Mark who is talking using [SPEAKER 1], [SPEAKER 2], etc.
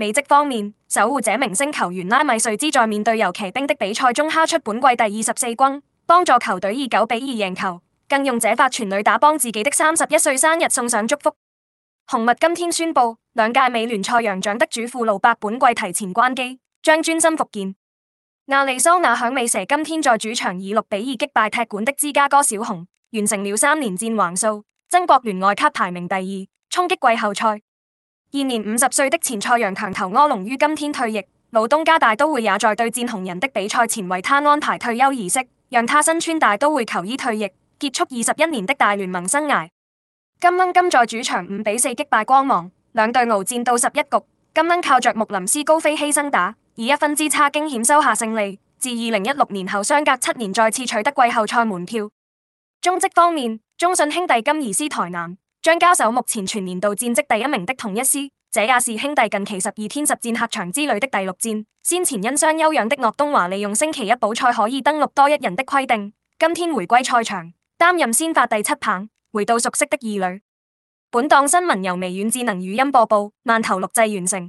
[SPEAKER 1] 美職方面，守護者明星球員拉米瑞茲在面對遊騎兵的比賽中敲出本季第二十四轟，幫助球隊以九比二贏球，更用這發全壘打幫自己的三十一歲生日送上祝福。紅襪今天宣布，兩屆美聯賽揚獎得主庫魯伯本季提前關機，將專心復健。亞利桑那響尾蛇今天在主場以六比二擊敗踢館的芝加哥小熊，完成了三連戰橫掃，曾國聯外卡排名第二，衝擊季後賽。現年五十歲的前賽揚強投阿龍於今天退役，老東家大都會也在對戰紅人的比賽前為他安排退休儀式，讓他身穿大都會球衣退役，結束二十一年的大聯盟生涯。金鶯今在主場五比四擊敗光芒，兩隊鏖戰到十一局，金鶯靠着穆林斯高飛犧牲打以一分之差驚險收下勝利，自二零一六年後相隔七年再次取得季後賽門票。中職方面，中信兄弟今移師台南，將交手目前全年度戰績第一名的同一師，這也是兄弟近期十二天十戰客場之旅的第六戰。先前因傷休養的駱東華，利用星期一補賽可以登錄多一人的規定，今天回歸賽場，擔任先發第七棒，回到熟悉的二壘。本檔新聞由微軟智能語音播報，慢頭錄製完成。